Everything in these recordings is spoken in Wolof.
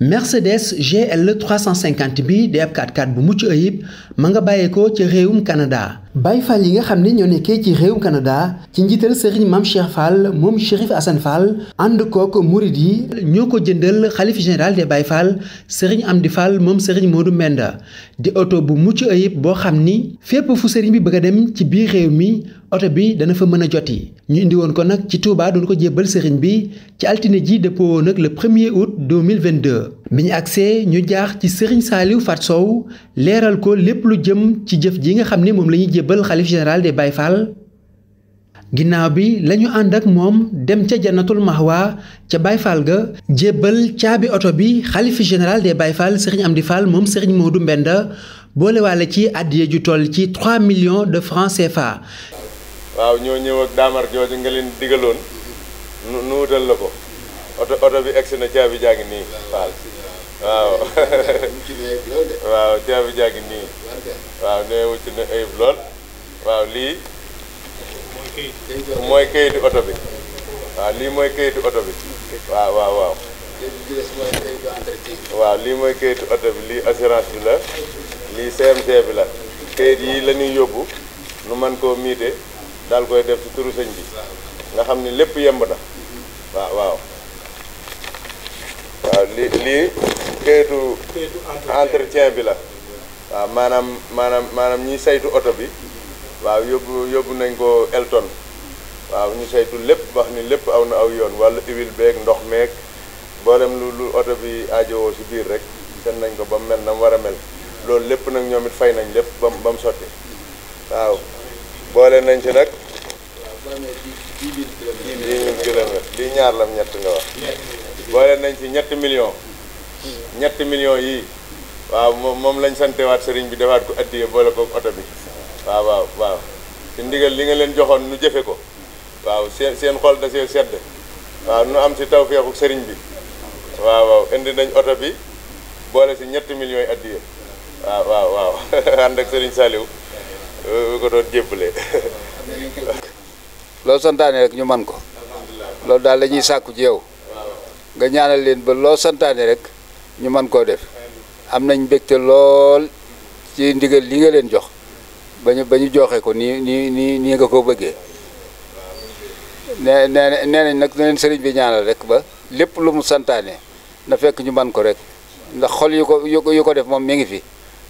Mercedes GL 350 bi di ab 4x4 bu mucc ayib ma nga bàyyeekoo ca réewum Canada Baye Fall yi nga xam ne ñoo nekkee ci réew Canada ci njiital sëriñ maam Cheikh Fall moom Chérif Assane Fall ànd kook murid yi ñoo ko jëndal xalif général des Baye Fall sëriñ di Fall moom sëriñ Modou Mbenda di oto bu mucc ayib boo xam ni fépp fu sëriñ bi bëgg a dem ci biir réew mi oto bi dana fa mën a joti ñu indi woon ko nag ci Touba doon ko jébbal sëriñ bi ci altine ji dëppoo nag le 1er août 2022 bi ñu agsee ñu jaax ci sëriñ Saliou Fat Sow leeral ko lépp jëm ci jëf ji nga xam ne moom la ñuy jébbal xalif général des Baye Fall ginnaaw bi lañu ànd ak moom dem ca jannatul mahwa ca Baye Fall ga jébbal caabi oto bi xalif général des Baye Fall Serigne Amdi Fall moom Serigne Modou Mbenda boolewaale ci àddiya ju toll ci 3 millions de francs CFA. waaw ñoo ñëw ak daamar jooju nga leen digaloon nu wutal la ko oto bi egsi na caabi jaa nii waaw caabi jaa nii waaw nee wucc na ayib lool. waaw lii mooy kayitu oto bi waaw lii mooy kayitu oto bi waaw waaw waaw lii mooy kayitu oto bi lii assurance bi la lii CMC bi la kayit yi la yóbbu nu man koo miite dal koy def ci turu bi nga xam ni lépp yemb na waaw waaw lii lii kayitu entretien bi la waaw maanaam maanaam maanaam ñiy saytu oto bi waaw yóbbu yóbbu nañ ko Elton waaw ñu saytu lépp wax ni lépp aw na aw yoon wàllu huile beeg ndox meeg boolem lu lu oto bi aajowoo ci biir rek seen nañ ko ba mu mel na mu war a mel loolu lépp nag ñoom it fay nañ lépp ba mu sotti waaw boole nañ ci nag. dix di ñaar lam ñett nga nañ ci ñetti million ñetti million yii waaw moom moom lañ santewaat sëriñ bi defaat ko addiye boole ko oto bi waaw waaw waaw ci ndigal li nga leen joxoon nu jëfe ko waaw seen seen xol da see sedd waaw nu am si tawféexu sëriñ bi waaw waaw indi nañ oto bi boole si ñetti millions yi addiya waaw waaw waaw ànd ak sëriñ Saliou bu ko santaane rek ñu man ko loolu daal lañuy sàkku ci nga ñaanal leen ba loo santaane rek ñu man koo def am nañ mbégte lool ci ndigal li nga leen jox ba ñu ba joxe ko nii nii nii nii nga ko bëggee nee nee nañ nag na sëriñ bi ñaanal rek ba lépp lu mu santaane na fekk ñu man ko rek ndax xol yu ko yu ko def moom mi ngi fi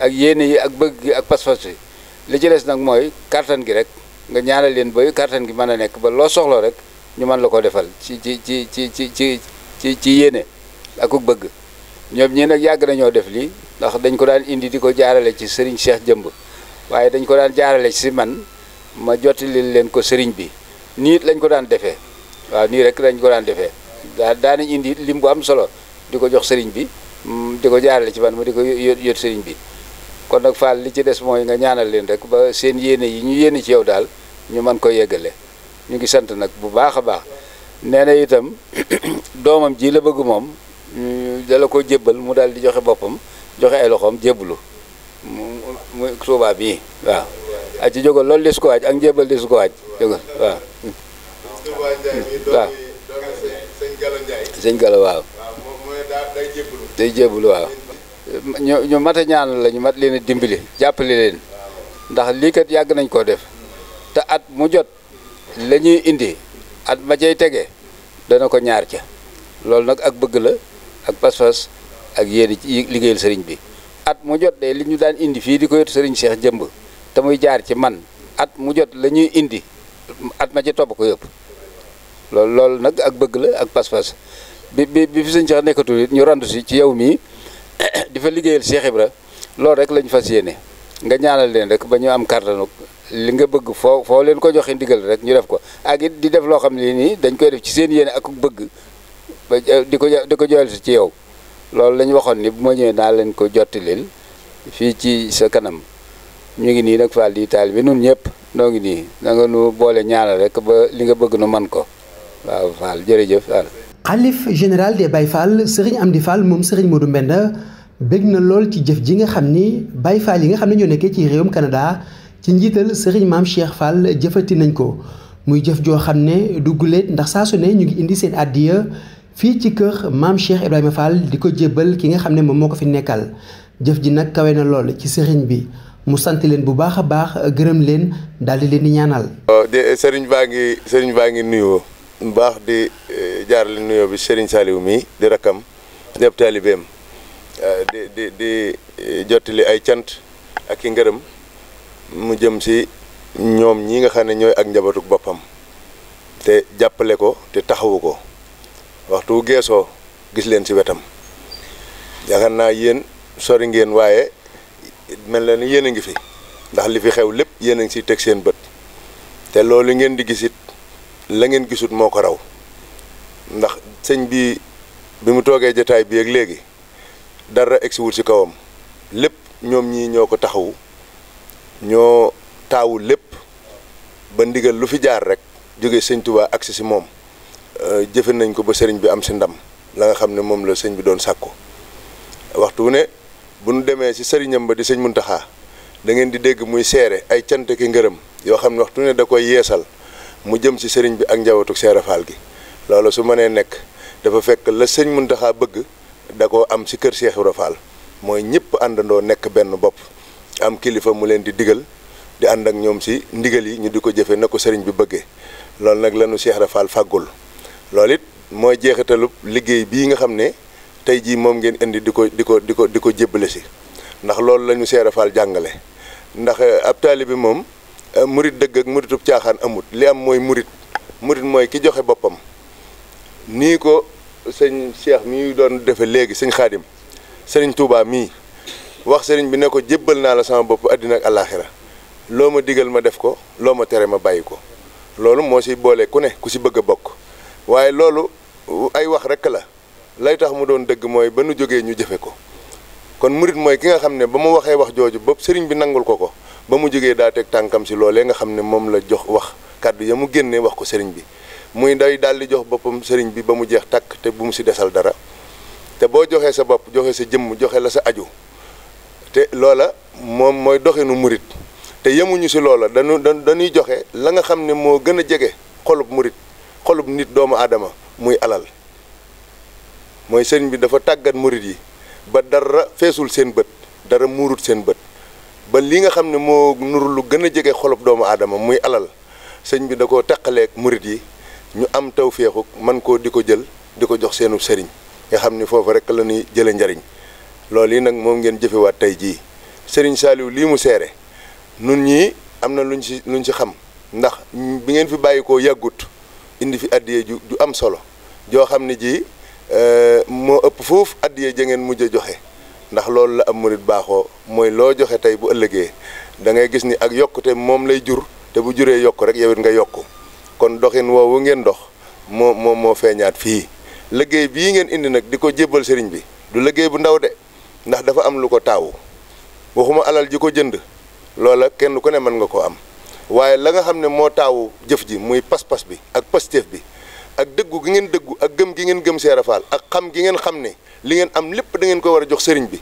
ak yéene yi ak bëgg gi ak pas li ci des nag mooy kàttan gi rek nga ñaanal leen ba kàttan gi mën a nekk ba loo soxla rek ñu mën la ko defal ci ci ci ci ci ci ci ci yéene ak bëgg ñoom ñii nag yàgg nañoo def lii ndax dañ ko daan indi di ko jaarale ci sëriñ Cheikh Jëmb waaye dañ ko daan jaarale si man ma jottali leen ko sëriñ bi nii it lañ ko daan defee waaw nii rek dañ ko daan defee daa daanañ indi it lim bu am solo di ko jox sëriñ bi mm, di ko jaarale ci man ma di ko yót sëriñ bi kon nag Fall li ci des mooy nga ñaanal leen rek ba seen yéene yi ñu yéene ci yow daal ñu mën ko yeggale ñu ngi sant nag bu baax a baax nee na itam doomam ji la bëgg moom mm, dala ko jébbal mu daal di joxe boppam joxe ay loxoom jébbalu mm, mu Touba bii waaw aci jógal loolu des ko waaj ak njébal des ko waaj jógal waaw waaw sëñ waaw day jébbalu waaw ñu ñu mat a ñaan la ñu mat leen a dimbali jàppale leen ndax lii kat yàgg nañ koo def te at mu jot la ñuy indi at ma cay tege dana ko ñaar ca loolu nag ak bëgg la ak pas-pas ak yéen liggéeyal sëriñ bi at mu jot de li ñu daan indi fii di ko yot sëriñ Cheikh jëmb te muy jaar ci man at mu jot la ñuy indi at ma ci topp ko yëpp loolu loolu nag ak bëgg la ak pas-pas bi bi bi fi sëñ Cheikh nekkatul it ñu randu si ci yow mii di fa liggéeyal Cheikh Ibra loolu rek lañu fas yéene nga ñaanal leen rek ba ñu am kàttanu li nga bëgg foo foo leen ko joxe ndigal rek ñu def ko ak it di def loo xam ne nii dañ koy def ci seen yéene ak bëgg ba di ko di ko joyal si ci yow loolu la ñu waxoon ni bu ma ñëwee naa leen ko jottilil fii ci sa kanam ñu ngi nii nag Fall di taalibe nun ñëpp noo ngi nii da nga nu boole ñaanal rek ba li nga bëgg nu man ko waaw Fall jërëjëf Fall. xalif général des Baye Fall Serigne Amdi Fall moom Serigne Modou mbenn bëgg na lool ci jëf ji nga xam ni Baye Fall yi nga xam ne ñoo nekkee ci réewum Canada ci njiital Serigne Maam Cheikh Fall jëfati nañ ko muy jëf joo xam ne dugguleet ndax saa su ne ñu ngi indi seen àddiya fii ci kër maam Cheikh Ibrahima Fall di ko jébbal ki nga xam ne moom moo ko fi nekkal jëf ji nag kawe na lool ci sëriñ bi mu sant leen bu baax a baax gërëm leen daal di leen di ñaanal. Oh, de eh, sëriñ baa ngi sëriñ baa ngi nuyoo bu baax di eh, jaarale nuyoo bi sëriñ Saliou mii di rakkam def taalibeem eh, di di di jottali ay cant ak i ngërëm mu jëm si ñoom ñi nga xam ne ñooy ak njabootu boppam te jàppale ko te taxawu ko. waxtu geesoo gis leen ci wetam yaakaar naa yéen sori ngeen waaye mel na ni yéen a ngi fi ndax li fi xew lépp yéen a ngi ciy teg seen bët te loolu ngeen di gisit la ngeen gisut moo ko raw ndax sëñ bi bi mu toogee jataay bi ak léegi dara egsiwul ci kawam lépp ñoom ñii ñoo ko taxawu ñoo taawu lépp ba ndigal lu fi jaar rek jóge sëñ Tuubaa agsi si moom Euh, jëfe nañ ko ba sëriñ bi am si ndam la nga xam ne moom la sëñ bi doon sàkku waxtu ne bu nu demee si sëriñam ba di sëñ Muntaxa da ngeen di dégg muy seere ay cant ki ngërëm yoo xam ne waxtu ne da koy yeesal mu jëm si sëriñ bi ak njawatu Seera Faal gi loolu su mënee nekk dafa fekk la sëñ Muntaxa bëgg da ko am si kër Seex Ibra mooy ñëpp àndandoo nekk benn bopp am kilifa mu leen di digal di ànd ak ñoom si ndigal yi ñu di ko jëfe na ko sëriñ bi bëggee loolu nag lanu Seex Ibra Faal loolu it mooy jeexitalu liggéey bii nga xam ne tey jii moom ngeen indi di ko di ko di ko di ko jébbale si ndax loolu la ñu seere faal jàngale ndax eh, ab taalibe moom eh, murit dëgg ak muritub caaxaan amut li am mooy murit murit mooy ki joxe boppam nii ko sëñ Cheikh mii doon defe léegi sëñ Xaadim sëriñ Touba mii wax sëriñ bi ne ko jébbal naa la sama bopp àddina ak àllaaxira loo ma digal ma def ko loo ma tere ma bàyyi ko loolu moo si boole ku ne ku si bëgg a bokk waaye loolu ay wax rekk la lay tax mu doon dëgg mooy ba nu jógee ñu jëfe ko kon murit mooy ki nga xam ne ba mu waxee wax jooju bopp sëriñ bi nangul ko ko ba mu jógee daa tànkam si loolee nga xam ne moom la jox wax kàddu ya mu génnee wax ko sëriñ bi muy day daal di jox boppam sëriñ bi ba mu jeex tàkk te bu mu si desal dara te boo joxee sa bopp joxe sa jëmm joxe la sa aju te loola moom mooy doxinu murit te yemuñu si loola dañu dañuy joxe la nga xam ne moo gën a jege xolub murit xolub nit doomu aadama muy alal mooy sëriñ bi dafa tàggat murit yi ba dara feesul seen bët dara muurut seen bët ba li nga xam ne moo nuru lu gën a jege xolub doomu aadama muy alal sëñ bi da koo taqaleek murit yi ñu am taw féexuk man koo di ko jël di ko jox seenu sëriñ nga xam ni foofu rek la ñuy njariñ loolu yi nag moom ngeen jëfewaat tey jii sëriñ Saliou lii mu seere nun ñii am na luñ si luñ si xam ndax bi ngeen fi bàyyi koo yàggut indi fi addiye ju ju am solo joo xam ne ji eh, moo ëpp foofu addiye ja ngeen mujj joxe ndax loolu la am murit baaxoo mooy loo joxe tey bu ëllëgee dangay gis ni ak yokkute moom lay jur te bu juree yokk rek yow nga yokk kon doxin woowu ngeen dox moo moo moo feeñaat fii liggéey bii ngeen indi nag di ko jébbal sëriñ bi du liggéey bu ndaw de ndax dafa am lu ko taawu waxuma alal ji ko jënd loola kenn ku ne mën nga ko am waaye la nga xam ne moo taawu jëf ji muy pas-pas bi ak pasteef bi ak dëggu gi ngeen dëggu ak gëm gi ngeen gëm Seera Faal ak xam gi ngeen xam ne li ngeen am lépp dangeen ko war a jox sëriñ bi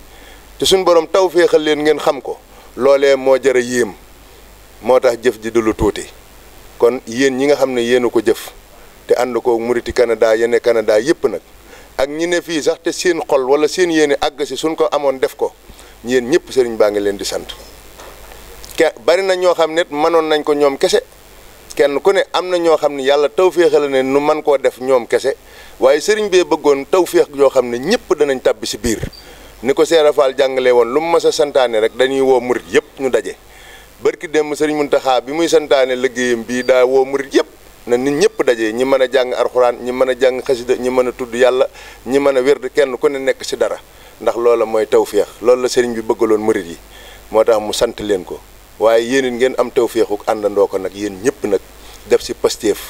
te suñ borom taw féexal leen ngeen xam ko loolee moo jar yéem moo tax jëf ji du lu tuuti kon yéen ñi nga xam ne yéen a ko jëf te ànd ko muriti kanadaa yene kanadaa yépp nag ak ñi ne fii sax te seen xol wala seen yéene àgg si suñ ko amoon def ko yéen ñëpp sëriñ baa ngi leen di sant ke bari na ñoo xam ne mënoon nañ ko ñoom kese kenn ku ne am na ñoo xam ne yàlla tawféexal ne nu man koo def ñoom kese waaye sëriñ bee bëggoon tawféex yoo xam ne ñëpp danañ tàbbi si biir ni ko Seera Faal jàngalee woon lu mu mës a santaane rek dañuy woo murit yëpp ñu daje barki démb sëriñ Muntaxa bi muy santaane liggéeyam bii daa woo murit yëpp na nit ñëpp daje ñi mën a jàng arxuraan ñi mën a jàng xasida ñi mën a tudd yàlla ñi mën a wérd kenn ku ne nekk si dara ndax loola mooy tawféex loolu la sëriñ bi bëggaloon murit yi moo tax mu sant leen ko waaye yéen ngeen am tew tawféexu àndandoo ko nag yéen ñëpp nag def si pastéef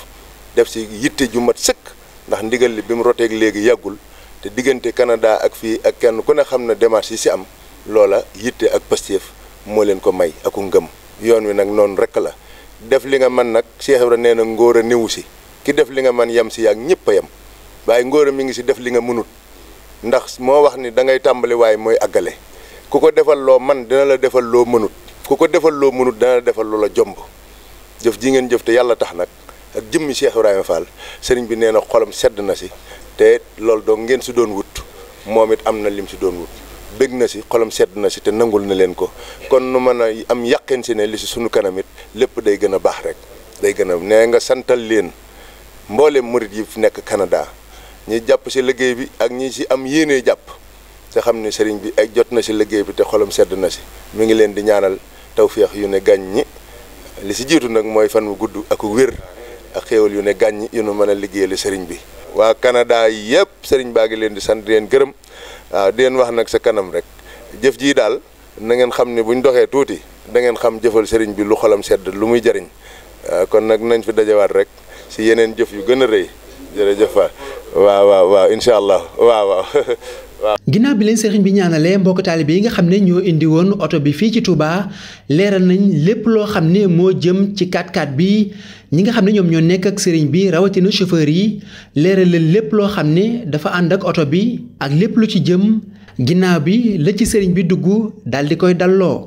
def si yitte jumat mat sëkk ndax ndigal li bi mu roteeg léegi yàggul te diggante Canada ak fii ak kenn ku ne xam na démarche yi si am loola yitte ak pastéef moo leen ko may aku ngëm yoon wi nag noonu rek la def li nga man nag Cheikh Ibra nee na ngóor a néewu si ki def li nga man yem si yaag ñëpp a yem waaye ngóor a mi ngi si def li nga mënut ndax moo wax ni da ngay tàmbali waaye mooy àggale ku ko defal man dina la defal loo mënut ku ko defal loo mënut dana defal loola jomb jëf ji ngeen jëf te yàlla tax nag ak jëmmi Cheikh Ibrahima Fall sëriñ bi nee na xolam sedd na si te loolu doo ngeen si doon wut moom it am na lim si doon wut bëgg na si xolom sedd na si te nangul na leen ko kon nu mën a am yàqin si ne li si sunu kanam it lépp day gën a baax rek day gën a nee nga santal leen mboolem murit yi fi nekk kanadaa ñi jàpp si liggéey bi ak ñi si am yéene jàpp te xam ne sëriñ bi ay jot na si liggéey bi te xolam sedd na si mu ngi leen di ñaanal tawféex yu ne gàññi li si jiitu nag mooy fan wu gudd ak wér ak xéewal yu ne gàññi yu nu mën a liggéeyale sëriñ bi. waa Canada yëpp sëriñ baa ngi leen di sant di leen gërëm waaw di leen wax nag sa kanam rek jëf jii daal na ngeen xam ne bu ñu doxee tuuti da ngeen xam jëfal sëriñ bi lu xolam sedd lu muy jariñ kon nag nañ fi dajawaat rek si yeneen jëf yu gën a rëy jërëjëf waaw waaw waaw incha allah waaw waaw. waaw ginnaaw bi leen sëriñ bi ñaanalee mbokk taalibe yi nga xam ne ñoo indi woon oto bi fii ci Touba leeral nañ lépp loo xam ne moo jëm ci 4 kaat bi ñi nga xam ne ñoom ñoo nekk ak sëriñ bi rawatina chauffeur yi leeral leen lépp loo xam ne dafa ànd ak oto bi ak lépp lu ci jëm ginnaaw bi la ci sëriñ bi dugg daal di koy dalloo.